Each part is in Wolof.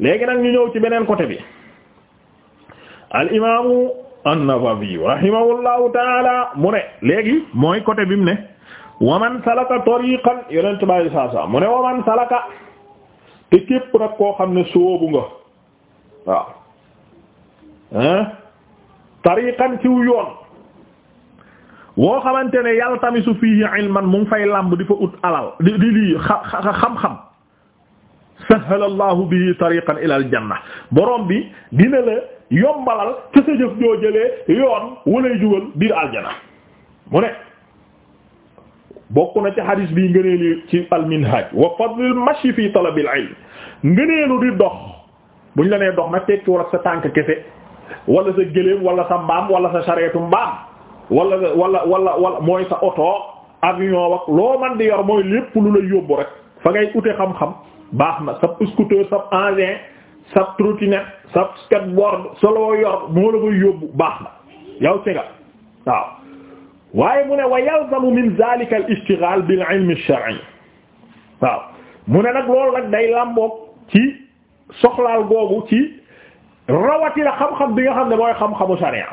léegi nag ñu ñëw ci beneen côté bi al imaamu an-Nawawi rahimahullahu mu ne léegi mooy côté bi mu ne waman salaka tariqan yonent bàyyi saa mu ne waman salaka te képp nag koo xam ne sóobu nga waaw hein tariqan ciw yoon woo xamante ne yàlla tamisu fihi man mu ngi fay làmb di fa ut alal di di lii xam-xam sahala allahu bihi tariqan ila al janna borom bi dina la yombalal ca sa jëf joo jëlee yoon walay jugal biir aljana mu ne bokk na ci hadis bi ngëneelu ci alminhaj wa fadlul mashi fi talabil ilm ngëneelu di dox buñ la dox nag tekki war sa tànk kese wala sa gëléem wala sa mbaam walla sa sareetu mbaam wala wala wala wala mooy sa oto avion wak loo man di yor mooy lépp lu la yóbbu rek fa ngay ute xam-xam baax na sab scooter sab engin sab trottinette sab skateboard solo yor moo la koy yóbbu baax na yow si nga waaw waaye mu ne wa yalzamu min zalika al ishtighal bil ilm al shar'i waaw mu ne nag loolu nag day làmboog ci soxlaal googu ci rawatina xam-xam bi nga xam ne mooy xam-xamu sharia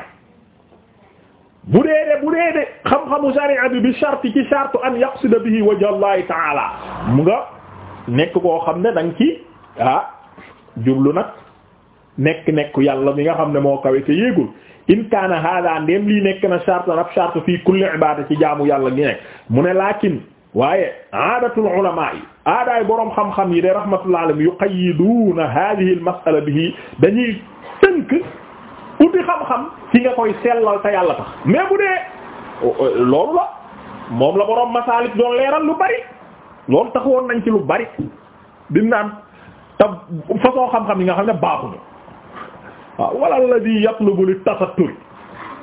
bu dee de bu dee de xam-xamu sharia bi bi sharti ci shartu an yaqsida bihi wajha Allah ta'ala mu nga nekk koo xam ne danga ci ah jublu nag nekk nekk yàlla mi nga xam ne moo kawe te yéegul in kaana hada ndéem lii nekk na charte rab charte fii kulli ibada ci jaamu yàlla gi nekk mu ne lakin waaye aadatul ulama yi aadaay boroom xam-xam yi de rahmatullah alayhim yuqayyiduuna hadihi al masala bihi dañuy tënk uti xam-xam ci nga koy sellal te yàlla tax mais bu dee loolu la moom la boroom masaalik doon leeral lu bari loolu taxawoon nañ ci lu bari di naan te façon xam-xam yi nga xam ne baaxuñu waaw wala alladhi yatlubu li tasatturi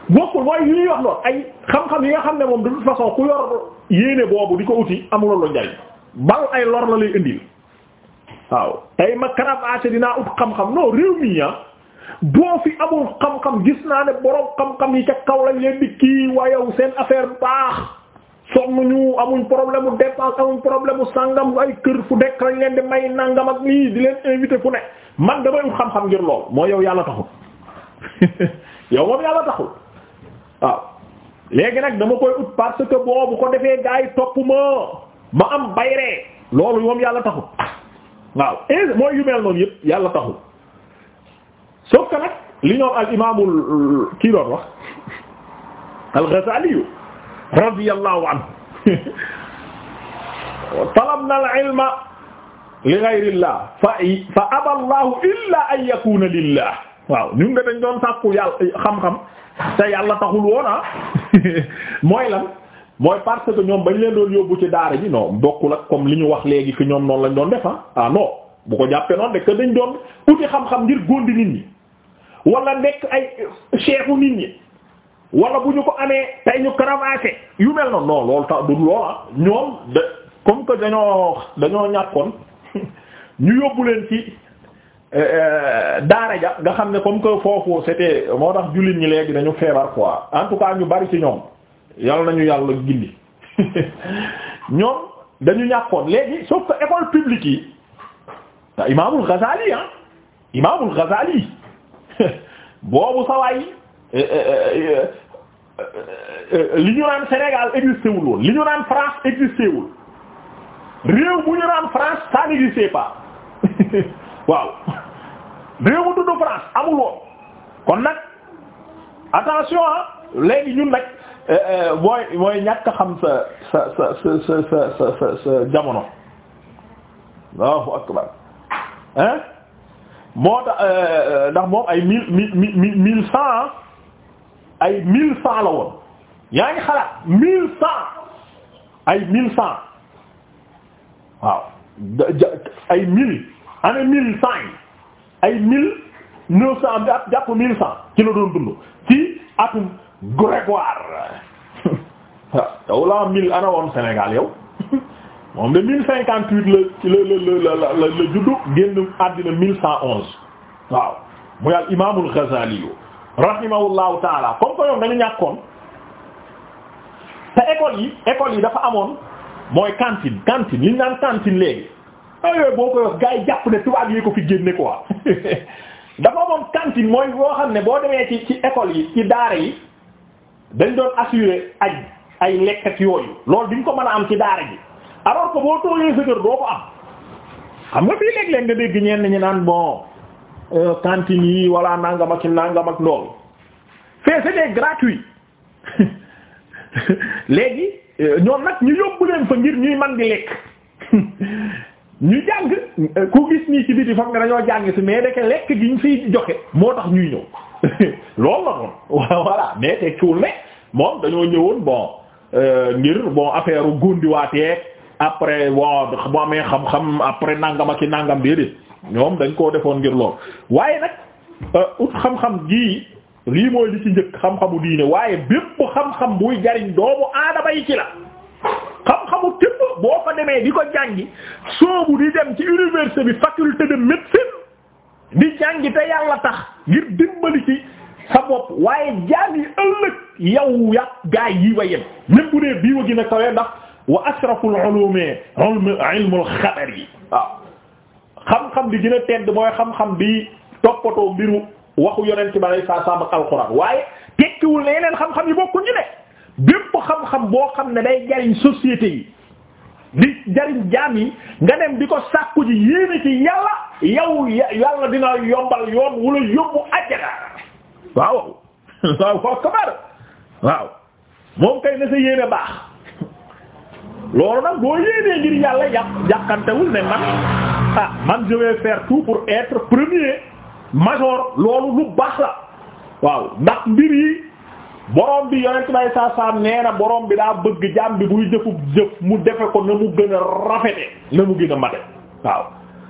bokkul mooy yu ñuy wax lool ay xam-xam yi nga xam ne moom de toute façon ku yor yéene boobu di ko uti amuloo lu njariñ bal ay lor la lay indil waaw tay ma karabaase dinaa ut xam-xam non réew mi ah boo fi amul xam-xam gis naa ne borom xam-xam yi ca kaw lañ leen di kii waaye seen affaire baax. sonnuñu amuñ problème mu dépense amuñ problème mu sangam ay kër fu nekk lañ leen di may nangam ak lii di leen invité fu ne man damay ut xam-xam ngir lool moo yow yàlla taxul yow moom yàlla taxul waaw léegi nag dama koy que boo bu ko defee gaa yi topp ma ma am bayree loolu moom yàlla taxul waaw et mooy yu mel noonu yëpp yàlla taxul sauf que li ñoom al imaamul kii doon al Ghazali radiyallahu anhu talabna al-ilma li ghayrillah fa fa aba allahu illa an yakuna lillah waaw ñun de dañ doon sàkku yàlla xam-xam te yàlla taxul woon ah mooy lan mooy parce que ñoom bañ leen doon yóbbu ci daara ji non bokkul ak comme li ñu wax léegi fi ñoom noonu lañ doon def ah. ah non bu ko jàppee noonu de que dañ doon uti xam-xam ngir góondi nit ñi wala nekk ay chefu nit ñi. wala bu ñu ko amee tey ñu cravaché yu mel noonu non loolu tax du loola ñoom de comme que dañoo dañoo ñàkkoon ñu yóbbu leen ci euh, euh, daara ja nga xam ne comme que foofu c'était moo tax jullit ñi léegi dañu feebar quoi en tout cas ñu bari ci ñoom yàlla nañu yàlla gindi ñoom dañu ñàkkoon léegi sauf que école publique yi te Imaamul Ghazali ah Imaamul Ghazali boobu sawaay euh, Euh, euh, euh, li ñu naan Sénégal existé wul woon li ñu naan France existé wul réew bu ñu naan France ça n'existait pas waaw réew mu tudd France amul woon kon nag attention ah, léegi ñun nag mooy mooy ñàkk xam sa sa sa sa sa sa sa jamono Allahu akbar hein moo tax ndax moom ay mille mille mille mille cent ah, ay mille cent la woon yaa ngi xalaat mille cent ay mille cent waaw ay mille année mille cent ay mille neuf cent jàpp mille cent ci la doon dund ci atum Grégoire yow laa mille ana woon Sénégal yow moom de mille cinquante huit la la la la la juddu génn àddina mille cent onze waaw muy al imaamul Ghazali rahimahullahu taala comme que ñoom dañu ñàkkoon te école yi école yi dafa amoon mooy cantine cantine li ñu naan cantine léegi aywa ah boo ko wax gars yi jàpp ne tubaab yi ko fi génne quoi dafa amoon cantine mooy boo xam ne boo demee ci ci école yi ci daara yi dañ doon assurer ay ay lekk ak yooyu loolu di ko mën a am ci daara gi alors ko boo toogee sa kër doo ko am xam nga fii léeg-léeg nga dégg ñenn ñi naan bon. Euh, cantine yi wala nangamaki ak nangam ak gratuit léegi euh, ñoom nag ñu yóbbu leen fa ngir ñuy man di lekk ñu jàng euh, ku gis nii ci biti foog ne dañoo jàng si mais deke lekk gi ñu fiy joxe moo tax ñuy ñëw loolu la noonu voilà mais te cuul ne moom dañoo ñëwoon bon ngir bon affaire u après bon bu amee xam-xam après nangamaki nangam déedéet ñoom dañ koo defoon ngir lool waaye nag euh, ut xam-xam gii lii mooy li ci njëkk xam-xamu diine waaye bépp xam-xam buy jariñ doomu aadama yi ci la xam-xamu képp boo ko demee di ko jàngi soobu di dem ci université bi faculté de médecine di jàngi te yàlla tax ngir dimbali ci sa bopp waaye jàng yi ëllëg yow yàq gaay yi wa yem même dee bii wa gën a kawee ndax wa ashraful ulumi ilmul xabar yi xam-xam bi gën a tedd mooy xam-xam bi toppatoo mbiru waxu yonent bi alayhi salaam ak alxuraan waaye tekkiwul ne yeneen xam-xam yi bokku ñu ne bépp xam-xam boo xam ne day jariñ société yi di jariñ jaam yi nga dem di ko sàkku ji yéene ci yàlla yow yàlla dina yombal yoon wula yóbbu àjjana waaw waaw waaw moom kay na sa yéene baax loolu nag boo yéenee ngir yàlla yàq yàqantewul ne man ah man je vais tout pour être premier major loolu lu baax la waaw ndax mbir yi borom bi yonent bay saa saa nee bi daa bëgg jaam bi buy jëfub jëf mu defe ko na mu gën a rafete na mu gën a mate waaw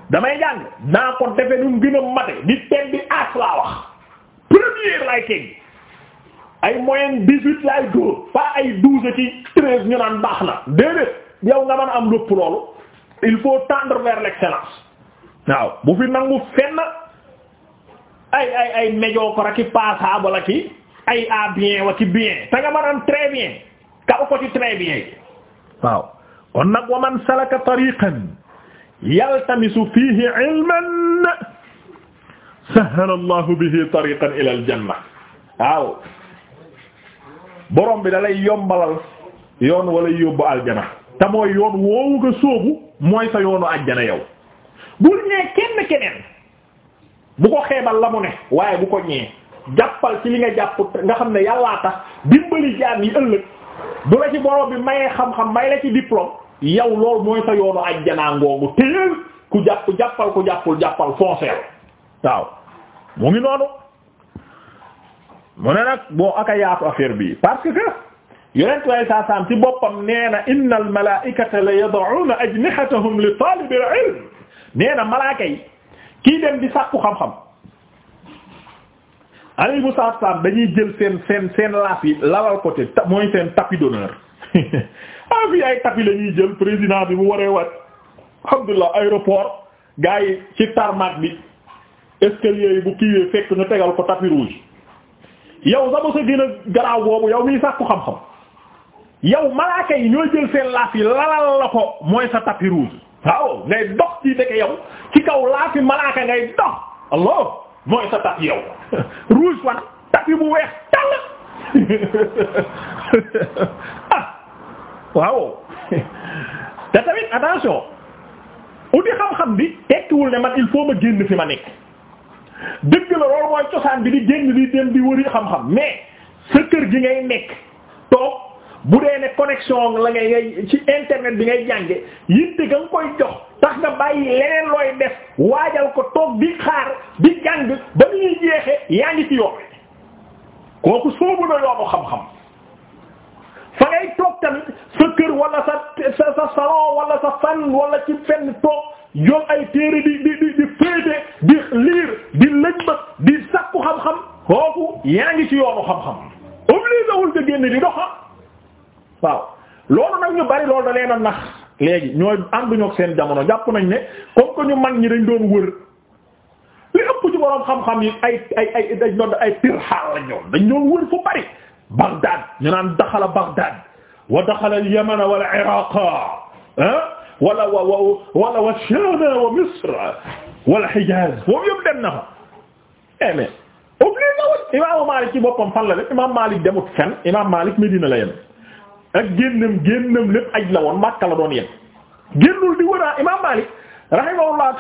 damay jàng naa ko defe nu mu gën a mate di ten di aas laa wax premier lay teg ay moyenne dix-huit laay dóor pas ay douze ci treize ñu naan baax na déedéet yow nga mën a am lépp loolu il faut tendre vers l'excellence waaw bu fi nangu fenn ay ay ay médiocre ak i passable wala ki ay à bien wa ki bien te nga mën a am très bien kaw ko ci très bien waaw kon nag wa man salaka tariqan yaltamisu fihi ilman sahala allahu bihi tariqan ila al janna waaw borom bi dalay lay yombalal yoon wala yóbbu aljana te mooy yoon woowu nga sóobu mooy sa yoonu aljana yow bul ñee kenn keneen bu ko xeebal la mu ne waaye bu ko ñee jàppal ci li nga jàpp nga xam ne yàllaa tax dimbali jaam yi ëllëg bu la ci borom bi mayee xam-xam may la ci diplôme yow loolu mooy sa yoonu aljana ngoogu téyeel ku jàpp jàppal ku jàppul jàppal fonceel waaw mu ngi noonu mu ne nag boo aka yaatu affaire bi parce que yonent way saa saam ci boppam nee na inna al malaikata la yad'una ajnihatahum li talib al ilm kii dem di sàkku xam-xam alayhimu salaam dañuy jël seen seen seen laaf yi lawal côté mooy seen tapis d'honneur ah fii ay jël président bi mu waree wat alhamdulillah aéroport gars yi ci tarmac bi escalier yi bu kiiwee fekk ñu tegal ko tapis rouge yow sama sa gën a boobu yow miy sàkku xam-xam yow malaaka yi ñooy jël seen laaf yi lalal la ko mooy sa tapis rouge waaw ngay dox ci dëkk yow ci kaw laaf yi malaaka ngay dox allah mooy sa tapis yow rouge fan tapis bu weex tàll ah, waaw te tamit attention uti xam-xam bi tekkiwul ne man il faut ma génn fi ma nekk dëgg la loolu mooy cosaan bi di génn di dem di wëri xam-xam mais sa kër gi ngay nekk toog bu dee ne connexion la ngay ngay ci internet bi ngay jànge yitte ga nga koy jox tax nga bàyyi leneen looy def waajal ko toog bi xaar di jàng ba ni ñuy jeexee yaa ngi ci yoon kooku soobu na yoonu xam-xam fa ngay toog tamit sa kër wala sa sa sa salon wala sa fan wala ci fenn toog yoom ay téere di di di di féete di liir di lëjbët di sakku xam-xam kooku yaa ngi ci yoonu xam-xam obligé wul te génn di doxa ah. waaw loolu nag ñu bari loolu da leen a nax léegi ñooy ànduñu ak seen jamono jàpp nañ ne comme ñu mag ñi dañ doon wër li ëpp ci boroom xam-xam yi ay ay ay dañ doon ay pirxaal dañ doon wër fu bari Baghdad ñu naan daxala Baghdad wa daxala al-Yaman wal wala wa wa wala wa Sham wa Misr wala Hijaz foofu yëpp dem na eh, imaamu Malik ci boppam fan la dem imaam Malik demut fenn imaam Malik Medina la yem ak génnam génnam lépp aj la doon yem génnul di wëraa imaam Malik rahimahullah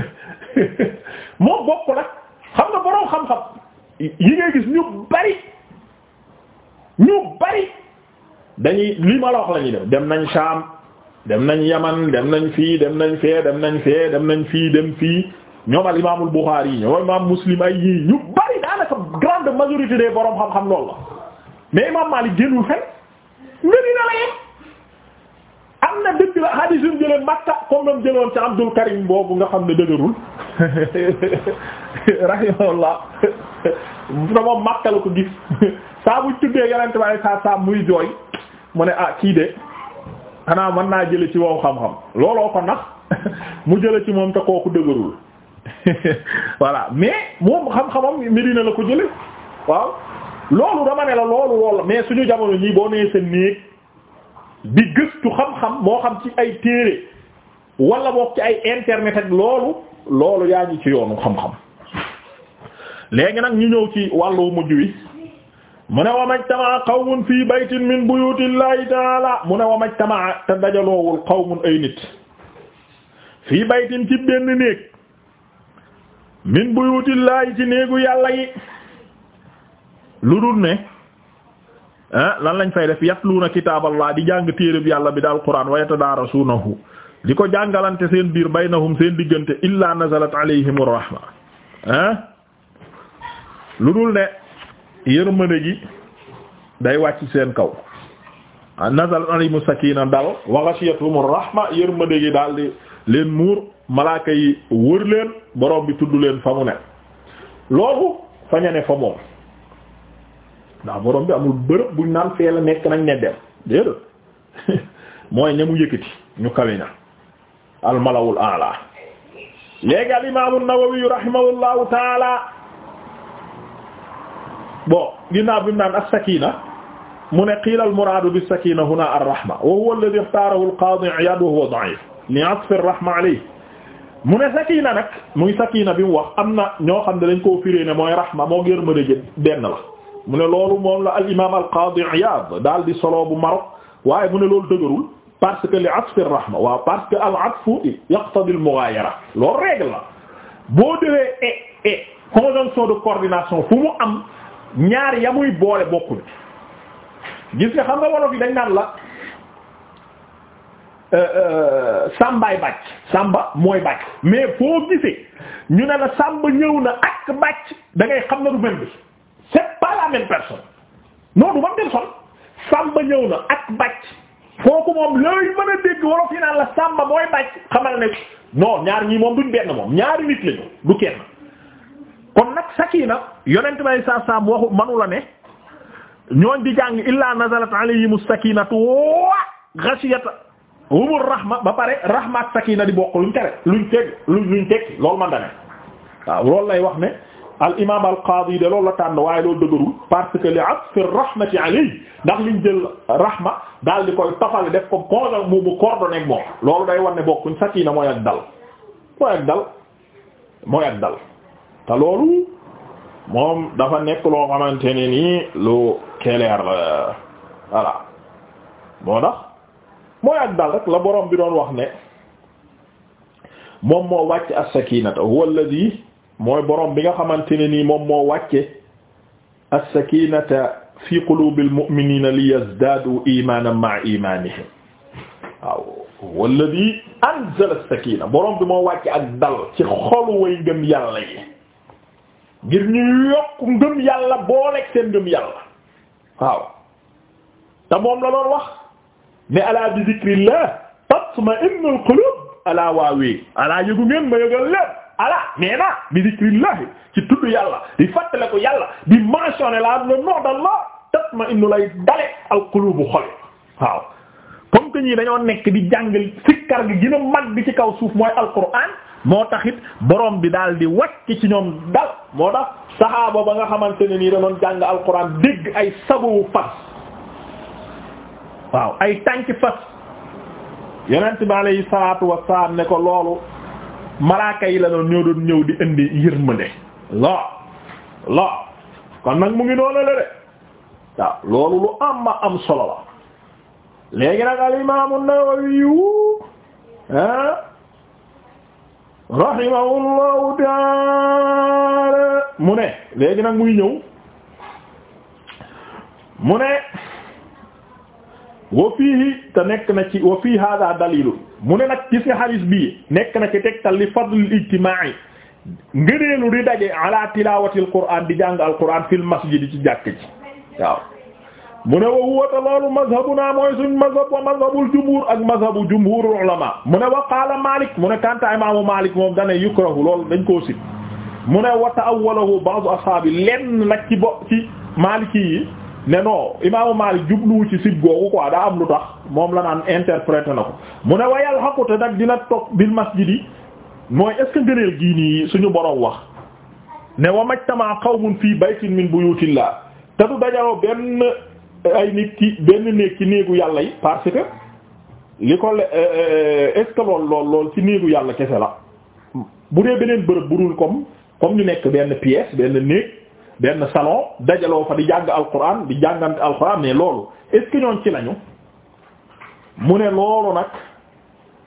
moo bokk nag xam nga boroom xam yi ngay gis ñu bari ñu bari dañuy li ma la dem nañ Sham. dem nañ yaman dem nañ fii dem nañ fee dem nañ fee dem nañ fii dem fii ñoom al imaamul Buxaari yi ñoom imaam Muslim ay yii ñu bari daanaka grande majorité des borom xam-xam loolu la mais imaam Maalik génnul fen Medina la yem am na dëgg la hadis yu jëlee Makka comme la mu jëloon ci Abdul Karim boobu nga xam ne dëgërul rahimahullah moom Makka la ko gis saabu bu tuddee Yonent bi sallallahu alayhi muy jooy mu ne ah kii de. xanaa mën naa jële ci wow xam-xam looloo ko nax mu jële ci moom te kooku dëgërul voilà mais moom xam-xamam Medina la ko jële waaw loolu dama ne la loolu loolu mais suñu jamono ñii boo nee sa néeg di gëstu xam-xam moo xam ci ay téere walla boog ci ay internet ak loolu loolu yaa ngi ci yoonu xam-xam léegi nag ñu ñëw ci wàllu mujj wi mu ne wa majtamaa qawmun fii baytin min buyutillahi taala mu ne wa majtamaa te dajaloowul qawmun ay nit fii baytin ci benn néeg min buyutillahi ci néegu yàlla yi lu dul ne ah lan lañ fay def yatluuna kitaaballah di jàng téereb yàlla bi daal quraan wa yatadaarasuunahu di ko jàngalante seen biir baynahum seen diggante illaa nazalat alayhim rahma ah lu dul ne yërmande gi day wàcc seen kaw ah, nazal alimu sakina dal wa ghashiyatuhum rahma yërmande gi daal di leen muur malaaka yi wër leen borom bi tudd leen fa mu ne loolu fa ña ne fa moom ndax borom bi amul bërëb buñ naan fee la nekk nañ ne dem déedéet mooy ña mu yëkkati ñu kawe ña almalawul ala léegi al imaamu Nawawi rahimahullahu bo ginnaaw bi mu naan as-sakina mu ne qiila al-muraadu bis-sakina huna ar-rahma wa huwa alladhi ikhtarahu al-qaadi Iyaad wa huwa da'if li'atfi ar-rahma alayhi mu ne sakina nag muy sakina bi mu wax am na ñoo xam ne dañ koo firé ne mooy rahma moo gër mën a al di solo bu Marok waaye mu ne loolu dëgërul parce que li atfi rahma waaw parce que al atfu yaqtadi al mughaayara loolu règle la boo defee e, e de coordination fu am ñaar ya muy boole bokkuñ gis nga xam nga wolof yi dañ naan la euh, euh, sàmbaay bàcc sàmba mooy bàcc mais foo gisee ñu ne la sàmba ñëw na ak bàcc da ngay xam na du même bi c'est pas la même personne non du même sàmba ñëw na ak bàcc fooku moom looy mën a dégg wolof yi naan la sàmba mooy bàcc xamal ne non ñaar ñii moom duñ benn moom ñaari nit lañu du kenn kon nag sakina yonent bay saa saam waxu manu la ne ñooñ di jàng illaa nazalat alayhimu sakinatu wa ghashiyat humur rahma ba pare rahma ak sakina di bokk luñ tere luñ teg luñ teg loolu man da ne waaw lay wax ne al imam al qaadi de loolu la tànn waaye loolu dëgërul parce que li atfi rahmati alayhi ndax liñ jël rahma daal di koy tofale def ko conjoint mu mu day war ne bokkuñ sakina mooy ak dal mooy ak mooy ak te loolu moom dafa nekk loo xamante ne nii lu keleer la moo tax mooy ak dal rek la borom bi doon wax ne moom moo wàcce as-sakinata huwa alladhi mooy borom bi nga xamante ne nii moom moo wàcce as-sakinata fi qulubil mu'minina liyazdadu imanan ma'a imanihim waaw huwa alladhi anzala as-sakina borom bi moo wàcce ak dal ci xolu way ngëm yàlla yi ngir ñu yokk ngëm yàlla booleeg seen ngëm yàlla waaw te moom la doon wax ne ala bi zikrillah tatma'innul qulub ala waawee ala yëgu ngeen ma yëgal lépp ala nee na bi zikrillah ci tudd yàlla di fàttale ko yàlla di mentionné la le nom d'Allah tatma'innu lay dale al qulubu xol waaw comme que ñii dañoo nekk di jàngal sikkar gi gën mag ci kaw suuf mooy alquran moo taxit borom bi daal di wàcc ci ñoom dal moo tax saxaaba ba nga xamante ne nii da doon jàng alquran dégg ay sabu fas waaw ay tànki fas yonent bi alayhi salaatu wassalaam ne ko loolu malaaka yi la doon ñëw di indi yërmande loo loo kon nag mu ngi noonu la de waaw loolu lu am ma am solo la léegi nag al imaamu Nawawi ah. rahimahullahu taala mu ne léegi nag muy ñëw mu ne wa fiihi te nekk na ci wa fii hada dalilu mu ne nag gis nga xadis bii nekk na ci tegtal li fadlul ijtimaa'i ngëneelu di daje ala tilaawatil qur'aan di jàng al qur'aan fil masjid ci jàkk ji waaw mu ne wa huwa loolu mazhabuna mooy suñ mazhab wa mazhabul jumhur ak mazhabu jumhurul ulama mu ne wa qaala Malik mu ne kanta imaamu Malik moom dane yukrahu loolu dañ koo sib mu ne wa ta'awwalahu ba'du ashaabi lenn nag ci bo ci Maliki yi ne non imaamu Malik jubluwu ci sib googu quoi daa am lu tax moom la naan interprété na ko mu ne wa yalhaqu te nag dina toog bil masjidi mooy est ce que ngëneel gii nii suñu borom wax ne wa xaw qawmun fii baytin min buyutillah te du dajaloo benn ay nit ci benn néeg ci néegu yàlla yi parce que li ko euh, euh, est ce que lool lool ci néegu yàlla kese la bu dee beneen bërëb bu dul comme comme ñu nekk benn pièce benn néeg benn salon dajaloo fa di jàgg jàng alquran di jàngante alquran mais loolu est ci lañu mu ne loolu nag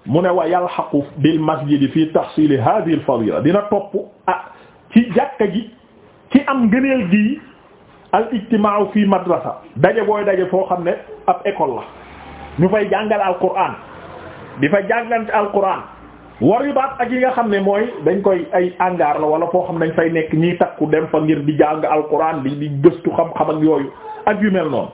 mu ne wa yalhaqu bil masjidi fi tahsili hadhihi al fadila dina topp ah ci jàkka ji ci am ngëneel gi al ijtimaa fii madrasa daje booy daje foo xam ne ab école la ñu fay jàngale alquran di fa jàngante alquran war yu baat ak yi nga xam ne mooy dañ koy ay angaar la wala foo xam ne dañ fay nekk ñiy takku dem fa ngir di jàng alquran di di gëstu xam-xam ak yooyu ak yu mel noonu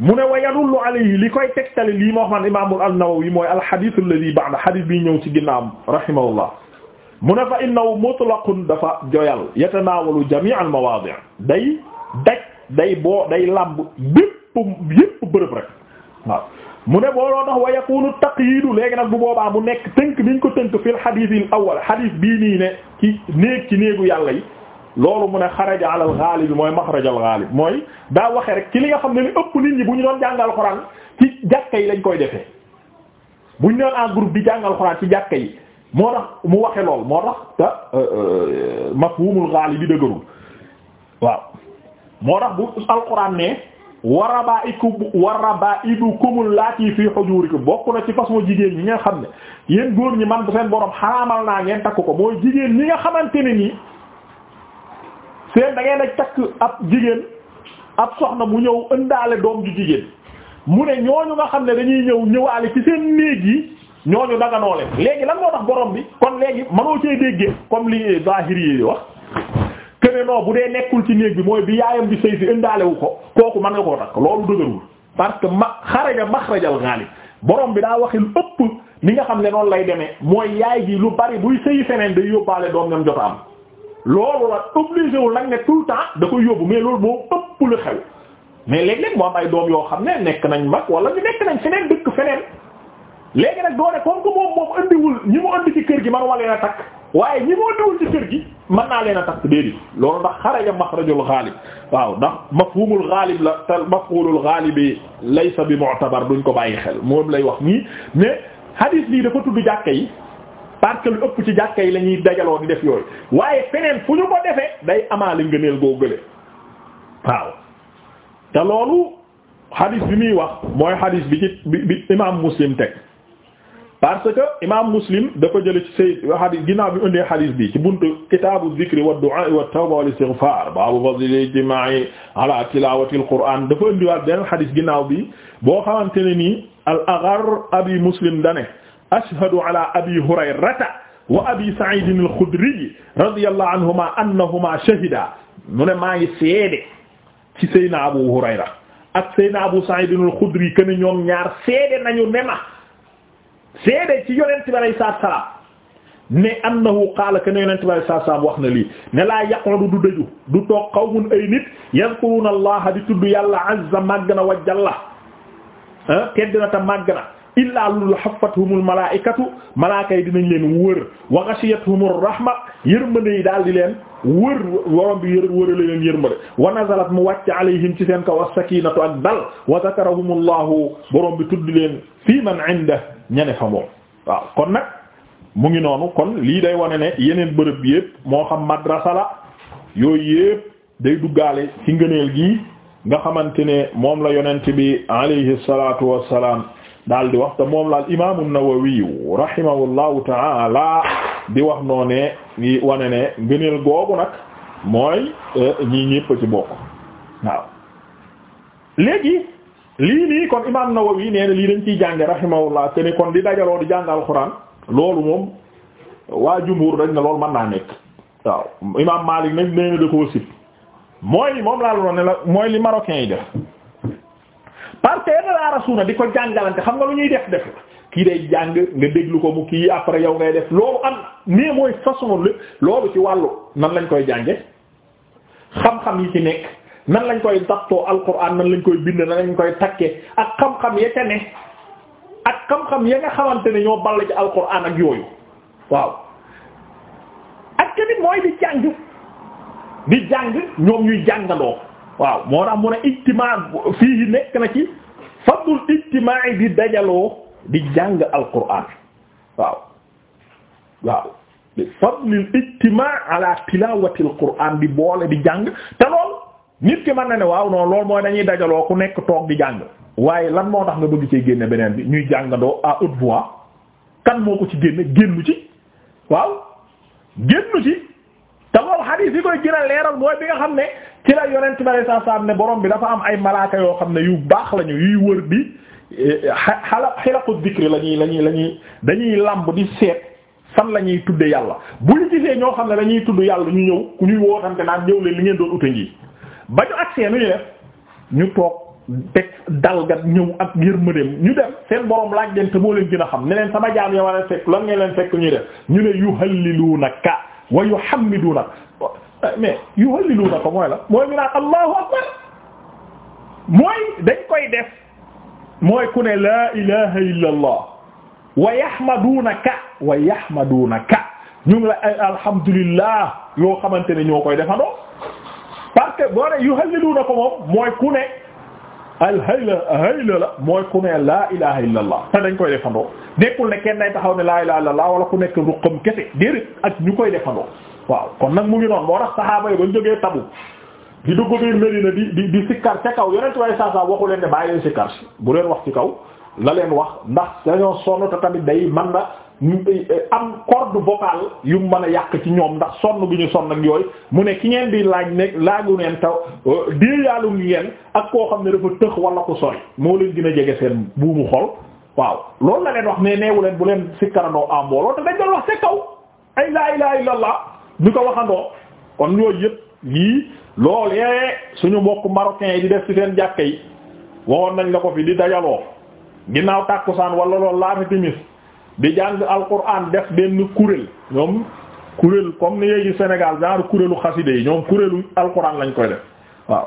mu ne wa yadullu alayhi li koy tegtale lii moo xam ne imaamul an-Nawawi mooy alxadith alladhi ba'da xadis bi ñëw ci ginnaawam rahimahullah mu ne fa innahu mutlaqun dafa joyal yatanaawalu jami' day boo day làmb bépp yépp bërëb rek waaw mu ne booloo tax wa yakunu taqyidu léegi nag bu boobaa mu nekk tënk biñ ko tënk fil hadith al awwal hadith bii nii ne ci néeg ci néegu yàlla yi loolu mu ne xaraja ala al ghalib mooy maxraj al ghalib mooy daa waxe rek ci li nga xam ne ni ëpp nit ñi bu ñu doon jàngal xuraan ci jàkka yi lañ koy defee bu ñu doon en groupe bi jàngal xuraan ci jàkka yi moo tax mu waxe lool moo tax te euh, euh, mafhumul dëgërul waaw moo tax bu alquran ne warabaa'ikum warabaa'ibukum laati fi hujurikum bokk na ci façon jigéen ñi nga xam ne yéen góor ñi man bu seen boroom xaraamal naa ngeen takk ko mooy jigéen ñi nga xamante ne nii seen da ngeen a takk ab jigéen ab soxna mu ñëw ëndaale doom ju jigéen mu ne ñu nga xam ne dañuy ñëw ñëwaale ci seen néeg yi ñooñu daganoo léegi lan moo tax borom bi kon léegi mënoo cee déggee comme li zahiri yi wax kene non bu dee nekkul ci néeg bi mooy bi yaayam bi sëy si indaalewu ko kooku mën nga koo takk loolu dëgërul parce que ma xaraja maxrajal ghalib borom bi daa waxi lu ëpp ni nga xam ne noonu lay demee mooy yaay gi lu bari buy sëyi feneen day yóbbaale doom ñoom jot am loolu la obligé wul nag ne tout le temps da koy yóbbu mais loolu moo ëpp lu xew mais léeg-léeg moo ay doom yoo xam ne nekk nañ mag wala ñu nekk nañ feneen dëkk feneen léegi nag doone comme que kër gi man wala na takk waaye ñi moo newul ci kër gi mën naa leen a takk déedéet loolu ndax xaraja maxrajul xaalib waaw ndax mafhumul xaalib la te mafhumul xaalib bi laysa bi mu'tabar duñ ko bàyyi xel moom lay wax nii mais hadis lii dafa tudd yi parce que ci jàkka yi la ñuy dajaloo di def yooyu waaye feneen fu ñu ko defee day amaale ngëneel goo gële te loolu hadis bi muy wax mooy hadis bi ci imaam muslim teg. parce que imam muslim dafa jële ci say hadith ginnaaw bi indee hadith bi ci buntu kitaabu zikri wa du'a wa tawba wal istighfar baabu fadl ijtima'i ala tilawati alquran dafa indiwaat beneen hadith ginnaaw bi boo xamante ne nii al aghar abi muslim dane ashhadu ala abi hurayrata wa abi sa'id al-khudri radiyallahu anhuma annahuma shahida mu ne maa ngi seede ci sayna abu hurayra ak sayna abu sa'id al-khudri ken ñoom ñaar seede nañu nema seede ci yonent bi alayhi salaatu salaam ne annahu qaala kaana yonent bi alayhi salaatu salaam wax na lii ne laa yaqudu du dëju du toog qawmun ay nit yazkuruna allah di tudd yàlla azza màgg na wa jalla ah tedd na te màgg na illaa lulu hafathumul malaa'ikatu malaaka yi dinañ leen wër wa ghashiyatuhumur rahma yërmande yi daal di leen wër worom bi yër wërale leen yërmande wa nazalat mu wàcc alayhim ci seen kaw as-sakinatu ak dal wa zakarahumullahu borom bi tudd leen fii man inda ñene fa moom waaw kon nag mu ngi noonu kon lii day wane ne yeneen bërëb yépp moo xam madrasa la yooyu yépp day duggaale ci ngëneel gi nga xamante ne moom la yonent bi alayhi salatu wassalaam daal di wax te moom la al imaamu Nawawi rahimahullahu ta'ala di wax noo ne i wane ne ngëneel googu nag mooy euh, ñii ñépp ci bokk waaw léegi lii nii kon imaam Nawawi nee na lii dañ ciy jànge rahimahullah te ni kon di dajaloo di jàng alxuraan loolu moom waa jumhur dañ ne loolu mën naa nekk waaw imaam Maalik nag nee na da koo sib mooy moom laa la ne la mooy li marocain yi def parce que la rasuna di ko jàngalante xam nga lu ñuy def def kii day jàng nga déglu ko mu kii après yow ngay def loolu am mais mooy façon loolu ci wàllu nan lañ koy jànge xam-xam yi ci nekk nan lañ koy daptoo alquran nan lañ koy bind nan lañ koy takkee ak xam-xam ya ca ne ak xam-xam ya nga xamante ne ñoo ball ci alquran ak yooyu waaw ak tamit mooy di jàng di jàng ñoom ñuy jàngandoo waaw moo tax mu ne ijtimaa fii nekk na ci fadlul ijtimaa di dajaloo di jàng alquran waaw waaw fadlul ijtimaa ala tilawati alquran di boole di jàng te lool nit ki mën na ne waaw non loolu mooy dañuy dajaloo ku nekk toog di jàng waaye lan moo tax nga bëgg cee génne beneen bi ñuy jàngandoo a haute voix kan moo ko ci génne génnu ci waaw génnu ci te loolu xadiis yi koy gën a leeral mooy bi nga xam ne ci la yonent bi sallallahu alayhi wasallam ne borom bi dafa am ay malaaka yoo xam ne yu baax lañu yuy wër bi eh, xala xilaqu dikri lañuy lañuy lañuy dañuy làmb di seet fan la ñuy tudde yàlla bu ñu ñoo xam ne dañuy tudd yàlla ñu ñëw ku ñuy wootante naan ñëw leen li ngeen doon uta ngi ba ñu agsee nu ñu def ñu toog teg dalgat ñëw ak ngir yërmandeem ñu dem seen borom laaj leen te moo leen gën a xam ne leen sama jaam ya a fekk lan ngeen leen fekk ñuy def ñu ne yuhallilunaka wa yuhammidunak mais yuhallilunaka mooy la mooy ñu naan allahu akbar mooy koy def mooy ku ne laa ilaha illa allah wa yahmadunaka wa yahmadunaka ñu ngi la ay alhamdulillah yoo xamante ne ñoo koy defandoo que boo ne yuhalliluuna ko moom mooy ku ne hayla la mooy ku ne laa ilaha illa allah te dañ koy defandoo nekkul ne kenn day taxaw ne laa ilaha la allah wala ku nekk ruqam kese déedéet ak ñu koy defandoo waaw kon nag mu ngi noonu moo tax saxaaba yi ba ñu jógee tabu di dugg biir Medina di di di sikkar ca kaw yonent waaye saa waxu leen ne bàyyi leen sikkar si bu leen wax ci kaw la leen wax ndax dañoo sonn te tamit day mën na Eh, am corde vocale yu mën a yàq ci ñoom ndax sonn bi ñu sonn ak yooyu mu ne ki ngeen di laaj ne laaju neen taw euh, déeyaalu ngi ngeen ak koo xam ne dafa tëx wala ko sori moo leen gin a jege seen buumu xol waaw loolu la leen wax ne neewu leen bu leen sikkarandoo en mbooloo te dañ doon wax ci kaw ay laa ilaha illallah ñu ko waxandoo kon yooyu yëpp lii loolee suñu mbokk marocain yi di def ci seen jàkka yi waxoon nañ la ko fi di dajaloo ginnaaw tàkkusaan wala loolu laata timis di jàng alquran def benn kuréel ñoom kuréel comme ni ngay gis Sénégal genre kuréelu yi ñoom kuréelu alquran lañ koy def waaw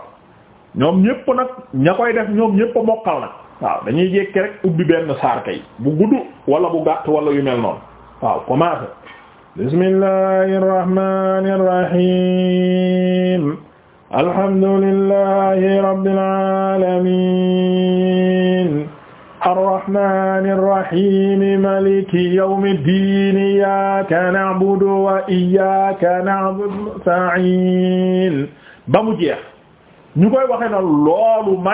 ñoom ñépp nag ña koy def ñoom ñépp a mokkal nag waaw dañuy jékki rek ubbi benn saar kay bu gudd wala bu gàtt wala yu mel noonu waaw commencé bismillahi irrahmani alhamdulillahi rabbil alamin arrahmaani rrahiimi maaliki yawmi ddiin iyyaaka na'budu wa iyyaaka nasta'iin ba mu jeex ñu koy waxee na loolu ma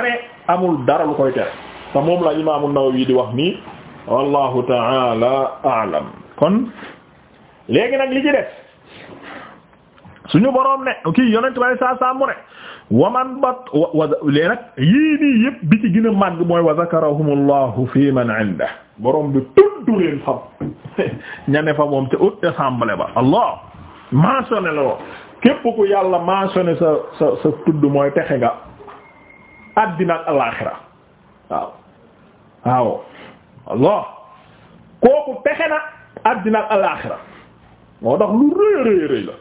amul dara lu koy tere te moom la imaamu di wax nii wallahu ta'ala a'lam kon léegi nag li ci def suñu boroom ne kii yonent bi saa saa mu ne waman bat wa lee nag yii nii yëpp bi ci gën a màgg mooy wa zakarahumullahu fi man inda borom bi fa moom ca haute assemblée ba allah mentionné la képp ku yàlla mentionné sa sa sa tudd mooy texe nga addina ak allah kooku texe na addina ak alaaxira moo tax lu rëy rëy rëy la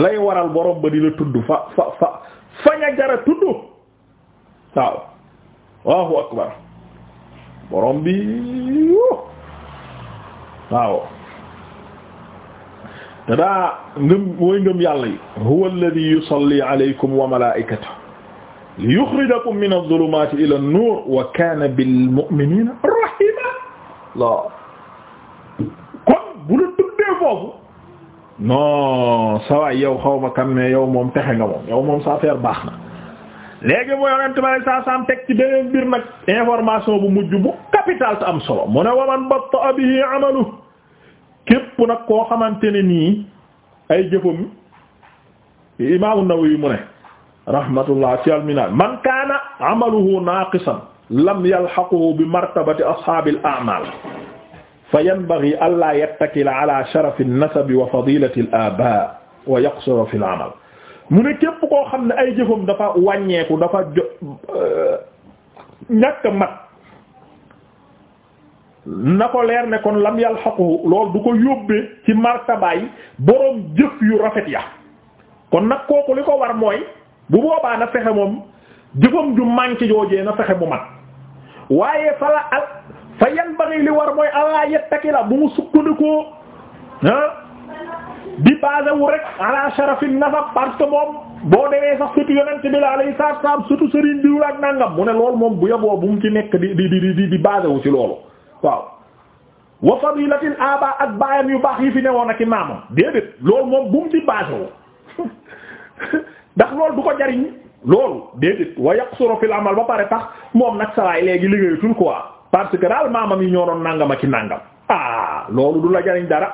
lay waral borom ba di tudd fa fa faña jara tudd waaw Allahu akbar borom bi waaw te daa ngëm mooy ngëm yàlla yi huwa alladhi yusalli alaykum wa malaa'ikatuhu li yukhrijakum min adh-dhulumati ila an-nur wa kana bil mu'minina rahima non sawaay yow xaw ma kan ne yow moom texe nga moom yow moom sa affaire baax na léegi mu yonent ma saa saam teg ci beneen mbir nag information bu mujj bu capital te am solo mu ne waman batta bihi amalu képp nag koo xamante ne nii ay jëfam imaamu Nawawi mu ne rahmatullah ci alminal man kaana amaluhu naaqisan lam yalhaquhu bi martabati ashaabil a'maal fa yanbaghi allaa yattakila ala sharafi an-nasabi wa fadilati al-aba wa yaqsura fi al-amal mu ne képp koo xam ne ay jëfam dafa wàññeeku dafa jo euh, ñàkk mat na ko leer ne kon lam yalhaqu loolu du ko yóbbee ci martabaay boroom jëf yu rafet ya kon nag kooku li ko war mooy bu boobaa na fexe moom jëfam ju manqué joojee na fexe bu mat fa yanbaghi li war mooy taki yattakila bu mu sukkandikoo ah di basé wu rek ala na nasab parce que moom boo demee sax surtout yonent bi la alayhi salaam surtout Serigne diw la ak nangam mu ne loolu moom bu yeboo bu mu ci nekk di di di di di basé ci loolu waaw. wa fadilatil aba ak baayam yu baax yi fi newoon ak i maamam déedéet loolu moom bu mu ci basé wu ndax loolu du ko jariñ loolu déedéet wa yaqsuru fil amal ba pare tax moom nag saa waay léegi liggéeyatul quoi. parce que daal maamam yi ñoo doon nangam ak i nangam ah loolu du la jariñ dara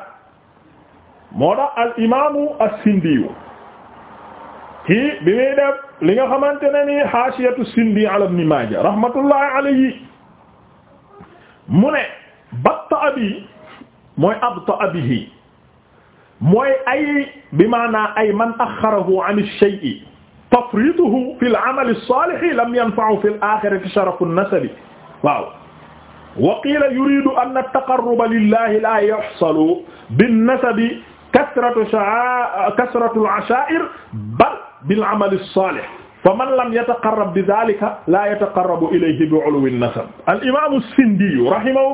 moo tax al imaamu as-Sindi kii bi muy def li nga xamante ne ni haashiyatu Sindi ala Ibn Maaja rahmatullahi alayhi mu ne batta abi mooy abta abihi mooy ay bi maanaa ay man axarahu an ash-shay'i tafrituhu fi al-amali as-salih lam yanfa'u fi al-akhirati sharafu an-nasabi waaw wa qiila yuridu an at-taqarruba lillahi la yuhsalu bin-nasabi kasratu sha'a kasratu al-asha'ir bal bil-amali as-salih fa man lam yataqarrab bi dhalika la yataqarrabu ilayhi bi 'ulwi an-nasab al-imam as-Sindi rahimahu